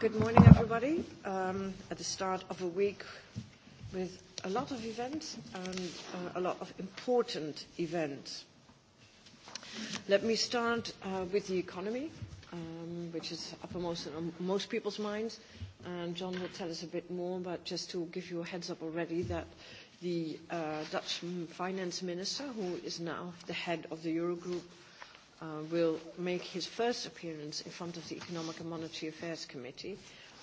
Good morning, everybody. Um, at the start of a week with a lot of events and uh, a lot of important events. Let me start uh, with the economy, um, which is uppermost in most people's minds. And John will tell us a bit more, but just to give you a heads up already that the uh, Dutch finance minister, who is now the head of the Eurogroup, uh, will make his first appearance in front of the Economic and Monetary Affairs Committee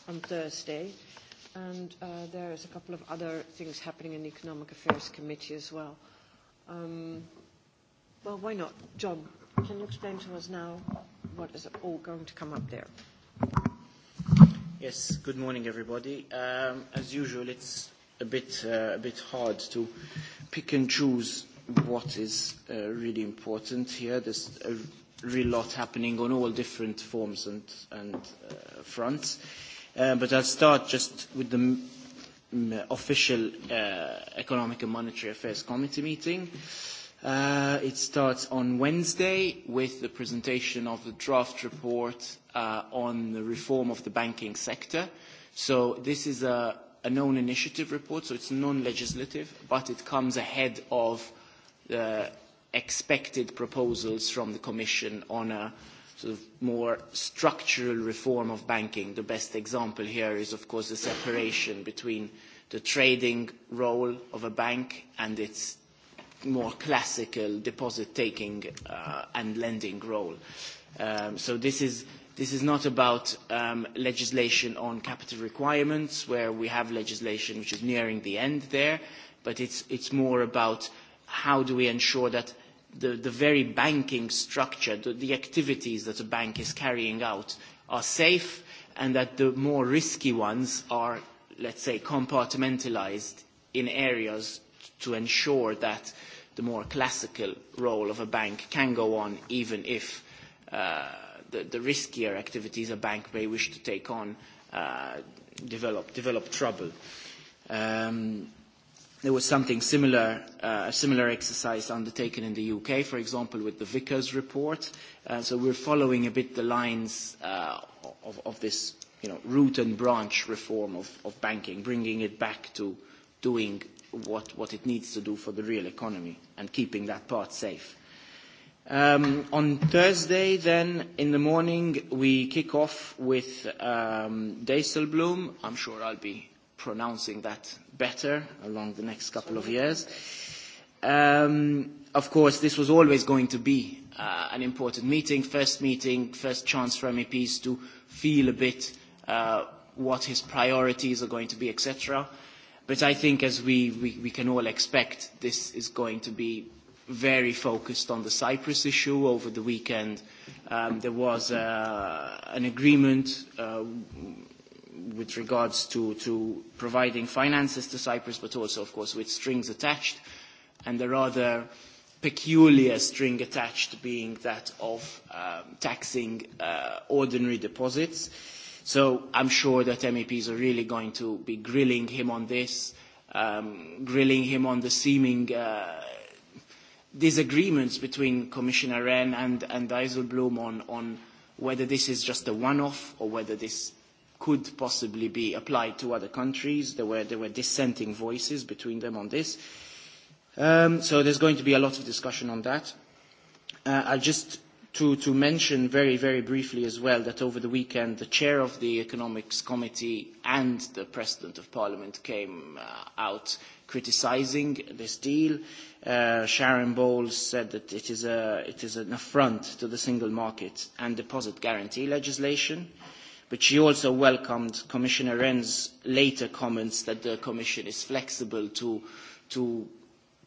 on Thursday. And uh, there is a couple of other things happening in the Economic Affairs Committee as well. Um, well, why not? John, can you explain to us now what is all going to come up there? Yes, good morning, everybody. Um, as usual, it's a bit, uh, a bit hard to pick and choose what is uh, really important here. There's a real lot happening on all different forms and, and uh, fronts. Uh, but I'll start just with the official uh, Economic and Monetary Affairs Committee meeting. Uh, it starts on Wednesday with the presentation of the draft report uh, on the reform of the banking sector. So this is a, a known initiative report, so it's non-legislative, but it comes ahead of The uh, expected proposals from the Commission on a sort of more structural reform of banking. The best example here is, of course, the separation between the trading role of a bank and its more classical deposit-taking uh, and lending role. Um, so this is This is not about um, legislation on capital requirements, where we have legislation which is nearing the end there, but it's, it's more about how do we ensure that the, the very banking structure, the, the activities that a bank is carrying out are safe and that the more risky ones are, let's say, compartmentalized in areas to ensure that the more classical role of a bank can go on even if uh, the, the riskier activities a bank may wish to take on uh, develop, develop trouble. Um, There was something similar, uh, a similar exercise undertaken in the UK, for example, with the Vickers report. Uh, so we're following a bit the lines uh, of, of this you know, root and branch reform of, of banking, bringing it back to doing what, what it needs to do for the real economy and keeping that part safe. Um, on Thursday, then, in the morning, we kick off with um, Dijsselbloem. I'm sure I'll be pronouncing that better along the next couple of years. Um, of course, this was always going to be uh, an important meeting, first meeting, first chance for MEPs to feel a bit uh, what his priorities are going to be, etc. But I think, as we, we, we can all expect, this is going to be very focused on the Cyprus issue over the weekend. Um, there was uh, an agreement uh, with regards to, to providing finances to Cyprus, but also, of course, with strings attached, and the rather peculiar string attached being that of um, taxing uh, ordinary deposits. So I'm sure that MEPs are really going to be grilling him on this, um, grilling him on the seeming uh, disagreements between Commissioner Wren and, and Dijsselbloem on, on whether this is just a one-off or whether this could possibly be applied to other countries. There were, there were dissenting voices between them on this. Um, so there's going to be a lot of discussion on that. Uh, I'll just to, to mention very, very briefly as well that over the weekend the chair of the Economics Committee and the President of Parliament came uh, out criticising this deal. Uh, Sharon Bowles said that it is, a, it is an affront to the single market and deposit guarantee legislation. Uh, But she also welcomed Commissioner Rehn's later comments that the Commission is flexible to, to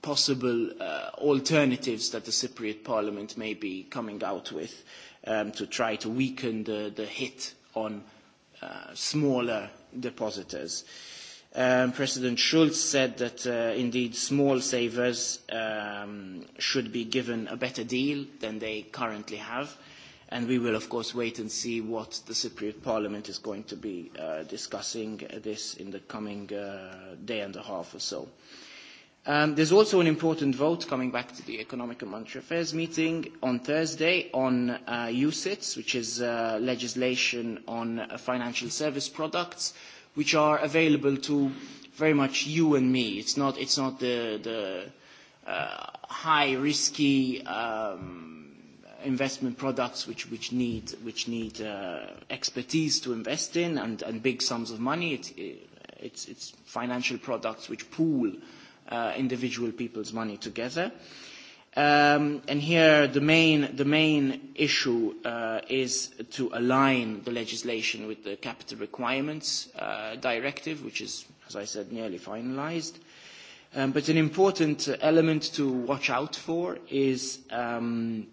possible uh, alternatives that the Cypriot Parliament may be coming out with um, to try to weaken the, the hit on uh, smaller depositors. Um, President Schulz said that uh, indeed small savers um, should be given a better deal than they currently have. Uh, and we will of course wait and see what the Cypriot Parliament is going to be uh, discussing this in the coming uh, day and a half or so. Um, there's also an important vote coming back to the Economic and Monetary Affairs meeting on Thursday on uh, USITS, which is uh, legislation on uh, financial service products, which are available to very much you and me. It's not, it's not the, the uh, high risky um, investment products which, which need, which need uh, expertise to invest in and, and big sums of money. It, it's, it's financial products which pool uh, individual people's money together. Um, and here the main, the main issue uh, is to align the legislation with the Capital Requirements uh, Directive, which is, as I said, nearly finalized. Um, but an important element to watch out for is um,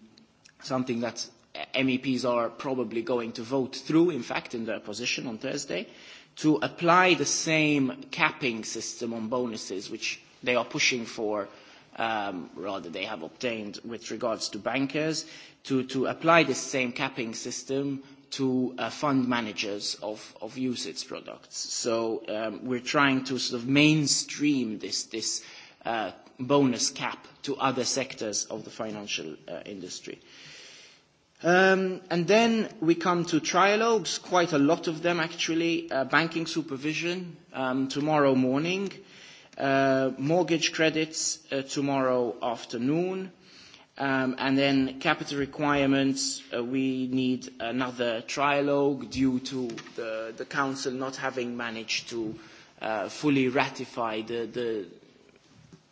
something that MEPs are probably going to vote through, in fact, in their position on Thursday, to apply the same capping system on bonuses which they are pushing for, um, rather they have obtained with regards to bankers, to, to apply the same capping system to uh, fund managers of, of UCITS products. So um, we're trying to sort of mainstream this, this uh, bonus cap to other sectors of the financial uh, industry. Um, and then we come to trialogues, quite a lot of them actually, uh, banking supervision um, tomorrow morning, uh, mortgage credits uh, tomorrow afternoon, um, and then capital requirements, uh, we need another trialogue due to the, the Council not having managed to uh, fully ratify the, the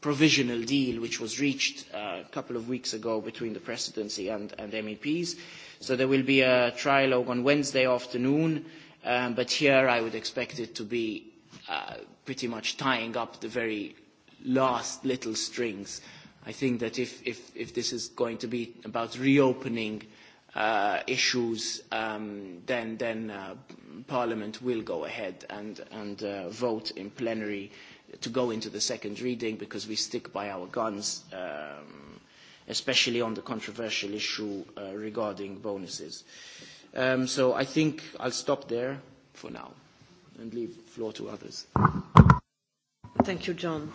provisional deal which was reached uh, a couple of weeks ago between the presidency and, and MEPs. So there will be a trilogue on Wednesday afternoon, um, but here I would expect it to be uh, pretty much tying up the very last little strings. I think that if, if, if this is going to be about reopening uh, issues, um, then, then uh, Parliament will go ahead and, and uh, vote in plenary uh, to go into the second reading because we stick by our guns, um, especially on the controversial issue uh, regarding bonuses. Um, so I think I'll stop there for now and leave the floor to others. Thank you, John.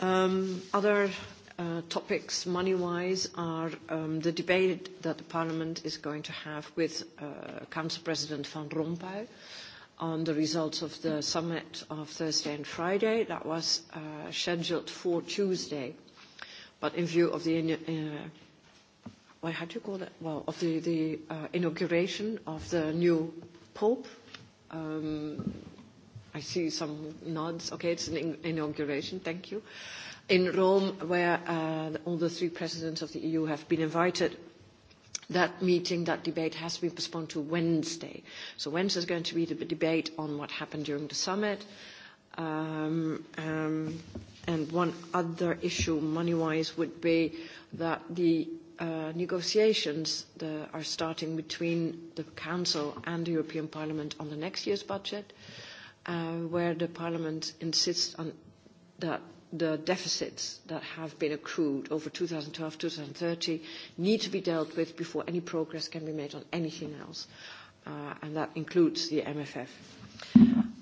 Um, other uh, topics, money-wise, are um, the debate that the Parliament is going to have with uh, Council President Van Rompuy on the results of the summit of Thursday and Friday. That was uh, scheduled for Tuesday. But in view of the, uh, well, how do you call that? Well, of the, the uh, inauguration of the new Pope, um, I see some nods. Okay, it's an inauguration. Thank you. In Rome, where uh, all the three presidents of the EU have been invited, that meeting, that debate has been postponed to Wednesday. So Wednesday is going to be the debate on what happened during the summit. Um, um, and one other issue, money-wise, would be that the uh, negotiations that are starting between the Council and the European Parliament on the next year's budget, uh, where the Parliament insists on that the deficits that have been accrued over 2012, 2030 need to be dealt with before any progress can be made on anything else, uh, and that includes the MFF.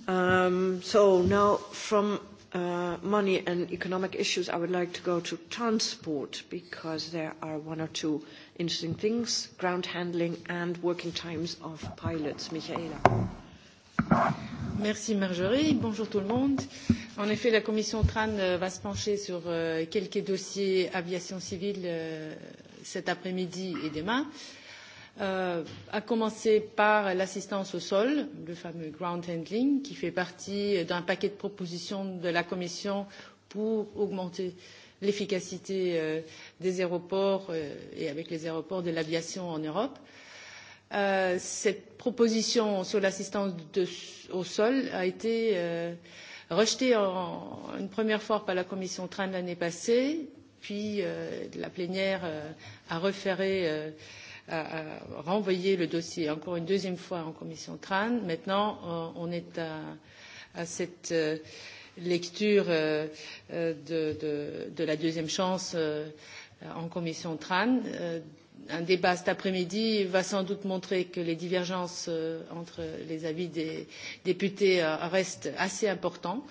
Um, so now from uh, money and economic issues, I would like to go to transport because there are one or two interesting things, ground handling and working times of pilots. Michaela. Merci Marjorie. Bonjour tout le monde. En effet, la commission TRAN euh, va se pencher sur euh, quelques dossiers aviation civile euh, cet après-midi et demain, Euh, à commencer par l'assistance au sol, le fameux ground handling, qui fait partie d'un paquet de propositions de la Commission pour augmenter l'efficacité des aéroports et avec les aéroports de l'aviation en Europe. Euh, Euh, cette proposition sur l'assistance au sol a été euh, rejetée en, une première fois par la commission Train l'année passée, puis euh, la plénière euh, a referré euh, a, a renvoyé le dossier encore une deuxième fois en commission Tran. Maintenant, euh, on est à, à cette euh, lecture de, de, de la deuxième chance Euh, en commission TRAN. Euh, un débat cet après-midi va sans doute montrer que les divergences euh, entre les avis des députés restent assez importantes.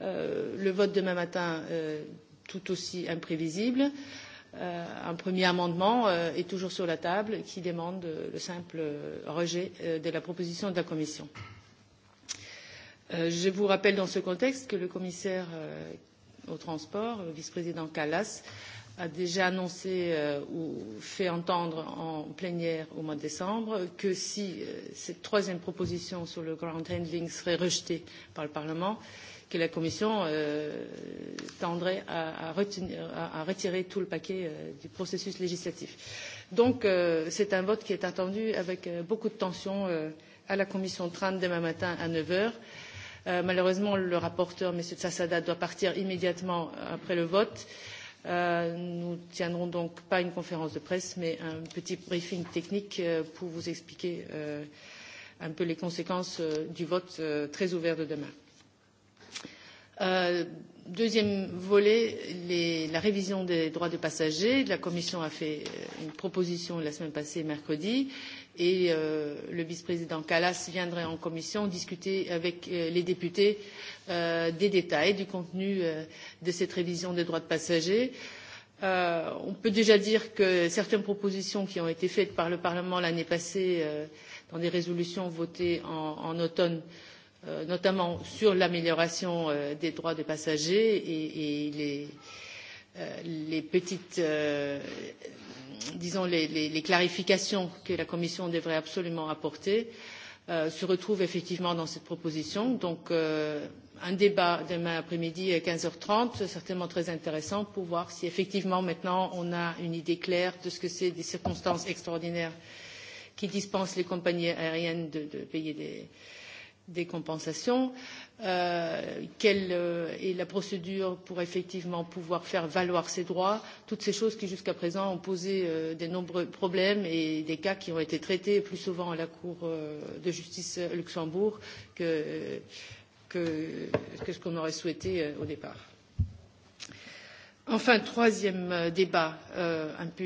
Le vote demain matin tout aussi imprévisible. Un premier amendement est toujours sur la table qui demande le simple rejet de la proposition de la Commission. Je vous rappelle dans ce contexte que le commissaire au transport, le vice-président Kallas, a déjà annoncé euh, ou fait entendre en plénière au mois de décembre que si euh, cette troisième proposition sur le ground handling serait rejetée par le Parlement, que la Commission euh, tendrait à, à, retenir, à, à retirer tout le paquet euh, du processus législatif. Donc euh, c'est un vote qui est attendu avec euh, beaucoup de tension euh, à la Commission 30 demain matin à 9 heures. Euh, malheureusement, le rapporteur, M. Tsassada, doit partir immédiatement après le vote. Euh, Euh, nous ne tiendrons donc pas une conférence de presse, mais un petit briefing technique euh, pour vous expliquer euh, un peu les conséquences du vote très ouvert de demain. deuxième volet, les, la révision des droits de passagers. La Commission a fait une proposition la semaine passée, mercredi. Euh, et euh, le vice-président Callas viendrait en commission discuter avec euh, les députés euh, des détails du contenu euh, de cette révision des droits de passagers. Euh, on peut déjà dire que certaines propositions qui ont été faites par le Parlement l'année passée euh, dans des résolutions votées en, en automne, euh, notamment sur l'amélioration euh, des droits des passagers et, et les, euh, les petites euh, disons, les, les, les clarifications que la Commission devrait absolument apporter euh, se retrouvent effectivement dans cette proposition. Donc, euh, un débat demain après-midi à 15h30, certainement très intéressant pour voir si effectivement maintenant on a une idée claire de ce que c'est des circonstances extraordinaires qui dispensent les compagnies aériennes de, de payer des, euh, des compensations euh, quelle euh, est la procédure pour effectivement pouvoir faire valoir ses droits toutes ces choses qui jusqu'à présent ont posé euh, de nombreux problèmes et des cas qui ont été traités plus souvent à la cour euh, de justice euh, luxembourg que, euh, que, que ce qu'on aurait souhaité au départ. enfin troisième débat un peu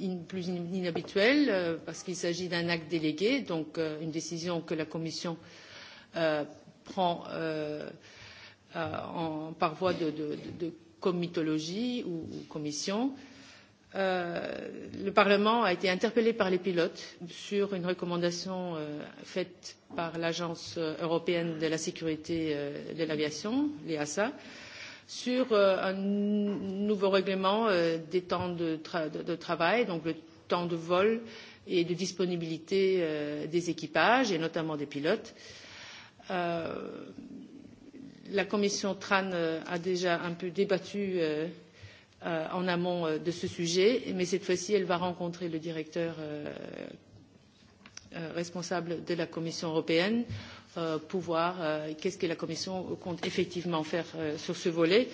in, plus inhabituel euh, parce qu'il s'agit d'un acte délégué, donc euh, une décision que la Commission euh, prend euh, euh, en, par voie de, de, de comitologie ou, ou commission. Euh, le Parlement a été interpellé par les pilotes sur une recommandation euh, faite par l'Agence euh, européenne de la sécurité euh, de l'aviation, l'EASA, euh, sur euh, un nouveau règlement euh, des temps de, tra de de travail, donc le temps de vol et de disponibilité euh, des équipages et notamment des pilotes. Euh, La commission TRAN euh, a déjà un peu débattu euh, euh, en amont euh, de ce sujet, mais cette fois-ci, elle va rencontrer le directeur euh, euh, responsable de la Commission européenne Euh, pouvoir, euh, qu'est-ce que la Commission compte effectivement faire euh, sur ce volet.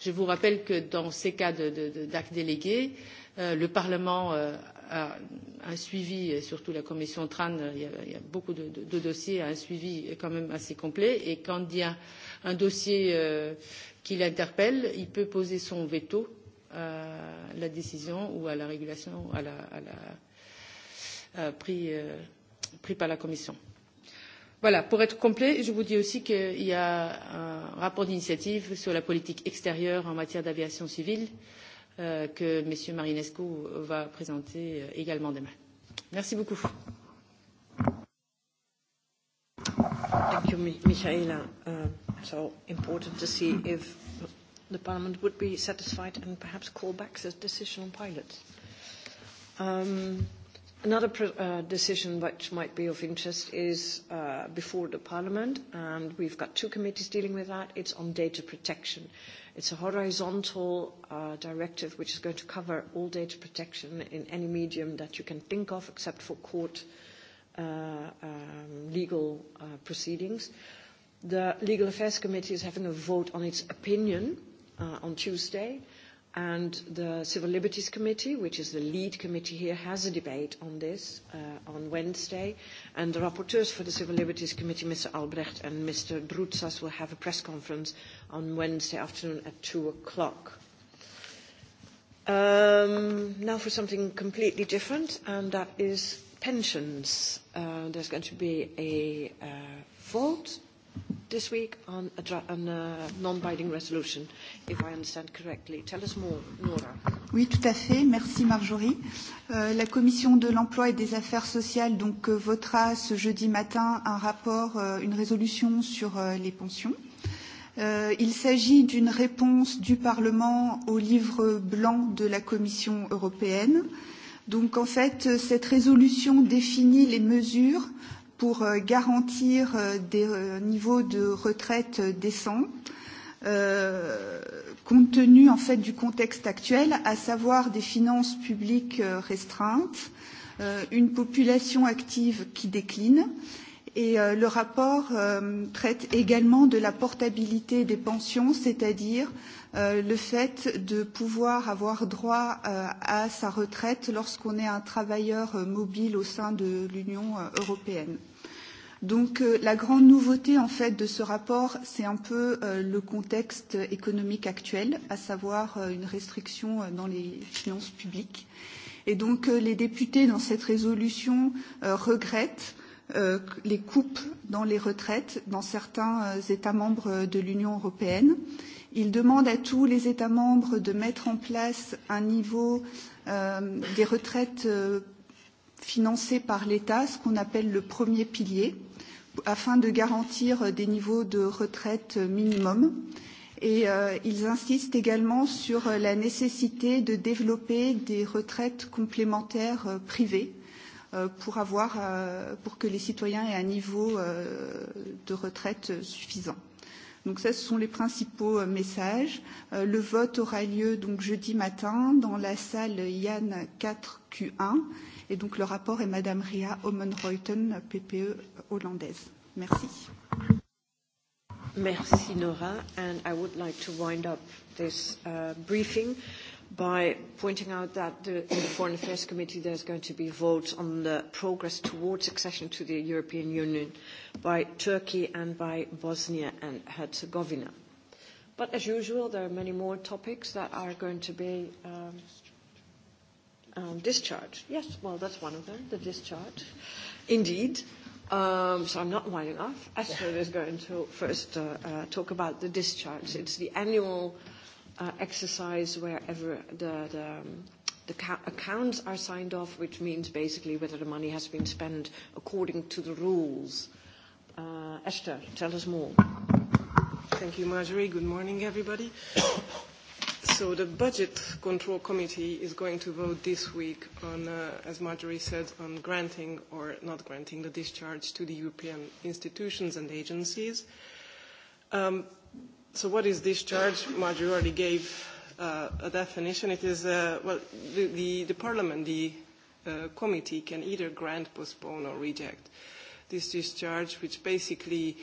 Je vous rappelle que dans ces cas d'actes délégués, le Parlement a un suivi, et surtout la commission TRAN, il y a, il y a beaucoup de, de, de dossiers, a un suivi quand même assez complet. Et quand il y a un dossier qui l'interpelle, il peut poser son veto à la décision ou à la régulation à la, à la, à pris, pris par la commission. Voilà, pour être complet, je vous dis aussi qu'il y a un rapport d'initiative sur la politique extérieure en matière d'aviation civile euh, que M. Marinescu va présenter euh, également demain. Merci beaucoup. Thank you, Michaela. Uh, so important to see if the Parliament would be satisfied and perhaps call back the decision on pilots. Um, Another uh, decision which might be of interest is uh, before the Parliament, and we've got two committees dealing with that. It's on data protection. It's a horizontal uh, directive which is going to cover all data protection in any medium that you can think of, except for court um, legal proceedings. The Legal Affairs Committee is having a vote on its opinion on Tuesday and the Civil Liberties Committee, which is the lead committee here, has a debate on this uh, on Wednesday. And the rapporteurs for the Civil Liberties Committee, Mr. Albrecht and Mr. Drutsas, will have a press conference on Wednesday afternoon at 2 o'clock. Um, now for something completely different, and that is pensions. Uh, there's going to be a uh, vote this week on a, on a non-binding resolution, if I understand correctly. Tell us more, Nora. Oui, tout à fait. Merci, Marjorie. Euh, la commission de l'emploi et des affaires sociales donc euh, votera ce jeudi matin un rapport, euh, une résolution sur euh, les pensions. Euh, il s'agit d'une réponse du Parlement au livre blanc de la Commission européenne. Donc en fait, cette résolution définit les mesures pour euh, garantir euh, des euh, niveaux de retraite décents, compte tenu en fait du contexte actuel, à savoir des finances publiques restreintes, une population active qui décline. Et le rapport traite également de la portabilité des pensions, c'est-à-dire le fait de pouvoir avoir droit à sa retraite lorsqu'on est un travailleur mobile au sein de l'Union européenne. Donc euh, la grande nouveauté en fait de ce rapport, c'est un peu euh, le contexte économique actuel, à savoir euh, une restriction euh, dans les finances publiques. Et donc euh, les députés dans cette résolution euh, regrettent euh, les coupes dans les retraites dans certains euh, États membres euh, de l'Union européenne. Ils demandent à tous les États membres de mettre en place un niveau euh, des retraites euh, financées par l'État, ce qu'on appelle le premier pilier. Euh, afin de garantir euh, des niveaux de retraite euh, minimum. Et euh, ils insistent également sur euh, la nécessité de développer des retraites complémentaires euh, privées euh, pour, avoir, euh, pour que les citoyens aient un niveau euh, de retraite suffisant. Donc ça, ce sont les principaux euh, messages. Euh, le vote aura lieu donc jeudi matin dans la salle Yann 4Q1. Et donc le rapport est Madame Ria Omenreuten, PPE hollandaise. Merci. Merci Nora, and I would like to wind up this uh, briefing by pointing out that the, in the Foreign Affairs Committee there's going to be vote on the progress towards accession to the European Union by Turkey and by Bosnia and Herzegovina. But as usual, there are many more topics that are going to be um, um, discharged. Yes, well, that's one of them, the discharge. Indeed. Um, so I'm not winding off. Esther is going to first uh, uh, talk about the discharge. It's the annual Uh, exercise wherever the, the, um, the accounts are signed off, which means basically whether the money has been spent according to the rules. Uh, Esther, tell us more. Thank you, Marjorie. Good morning, everybody. so the Budget Control Committee is going to vote this week on, uh, as Marjorie said, on granting or not granting the discharge to the European institutions and agencies. Um, So what is discharge? Marjorie already gave uh, a definition. It is, uh, well, the, the, the Parliament, the uh, committee can either grant, postpone or reject this discharge, which basically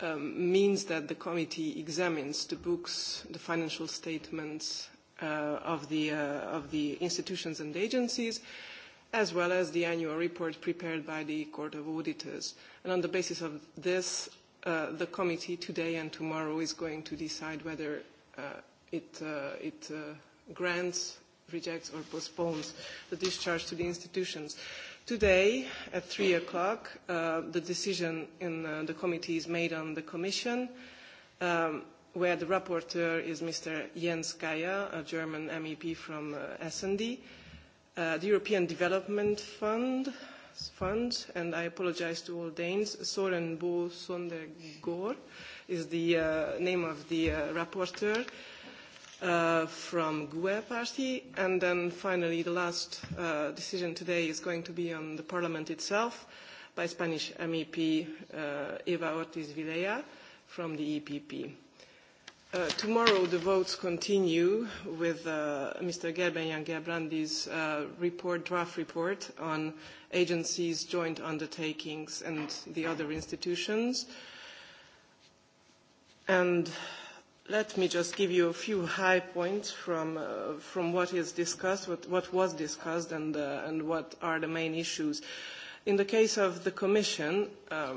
um, means that the committee examines the books, the financial statements uh, of, the, uh, of the institutions and agencies, as well as the annual report prepared by the Court of Auditors. And on the basis of this, Uh, the committee today and tomorrow is going to decide whether uh, it, uh, it uh, grants, rejects or postpones the discharge to the institutions. Today at 3 o'clock, uh, the decision in uh, the committee is made on the Commission, um, where the rapporteur is Mr. Jens Kaya, a German MEP from uh, S&D. Uh, the European Development Fund, Fund, and I apologize to all Danes. Soren Bo Sondergaard is the uh, name of the uh, rapporteur uh, from GUE party. And then finally, the last uh, decision today is going to be on the parliament itself by Spanish MEP uh, Eva Ortiz Vilella from the EPP. Uh, tomorrow the votes continue with uh, Mr. Gerben-Jan Gerbrandy's uh, report, draft report on agencies, joint undertakings and the other institutions. And let me just give you a few high points from, uh, from what is discussed, what, what was discussed and, uh, and what are the main issues. In the case of the Commission, uh,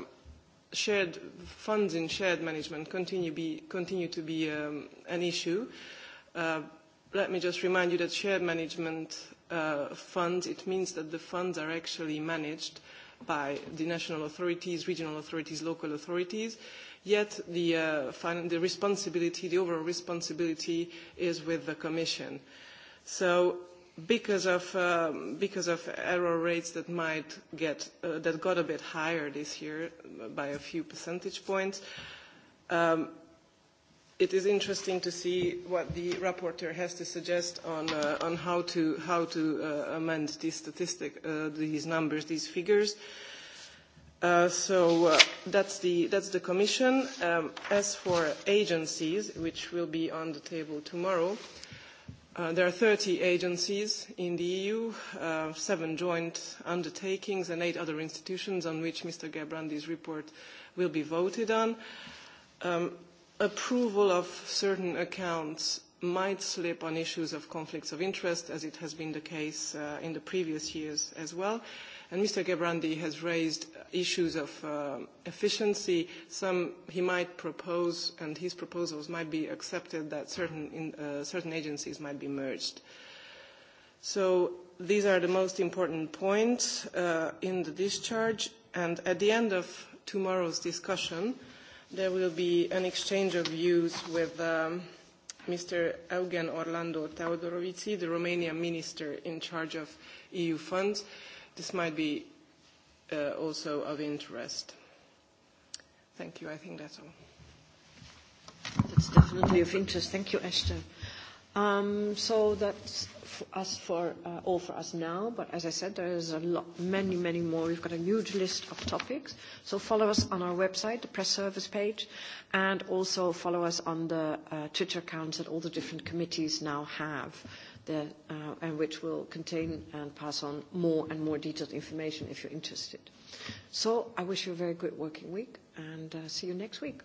shared funds in shared management continue, be, continue to be um, an issue. Uh, let me just remind you that shared management uh, funds, it means that the funds are actually managed by the national authorities, regional authorities, local authorities, yet the, uh, fin- the responsibility, the overall responsibility is with the Commission. So because of um, because of error rates that might get uh, that got a bit higher this year by a few percentage points. Um, it is interesting to see what the rapporteur has to suggest on uh, on how to how to uh, amend these statistic uh, these numbers these figures. Uh, so uh, that's the that's the commission. Um, as for agencies, which will be on the table tomorrow. Uh, Uh, there are 30 agencies in the EU, uh, seven joint undertakings and eight other institutions on which Mr. Gerbrandy's report will be voted on. Um, approval of certain accounts might slip on issues of conflicts of interest, as it has been the case uh, in the previous years as well. And Mr. Gebrandi has raised issues of uh, efficiency. Some he might propose, and his proposals might be accepted, that certain, in, uh, certain agencies might be merged. So these are the most important points uh, in the discharge. And at the end of tomorrow's discussion, there will be an exchange of views with um, Mr. Eugen Orlando Teodorovici, the Romanian minister in charge of EU funds. This might be uh, also of interest. Thank you. I think that's all. That's definitely of interest. Thank you, Esther. Um, so that's us for uh, all for us now. But as I said, there is a lot, many, many more. We've got a huge list of topics. So follow us on our website, the press service page, and also follow us on the uh, Twitter accounts that all the different committees now have, the, uh, and which will contain and pass on more and more detailed information if you're interested. So I wish you a very good working week, and uh, see you next week.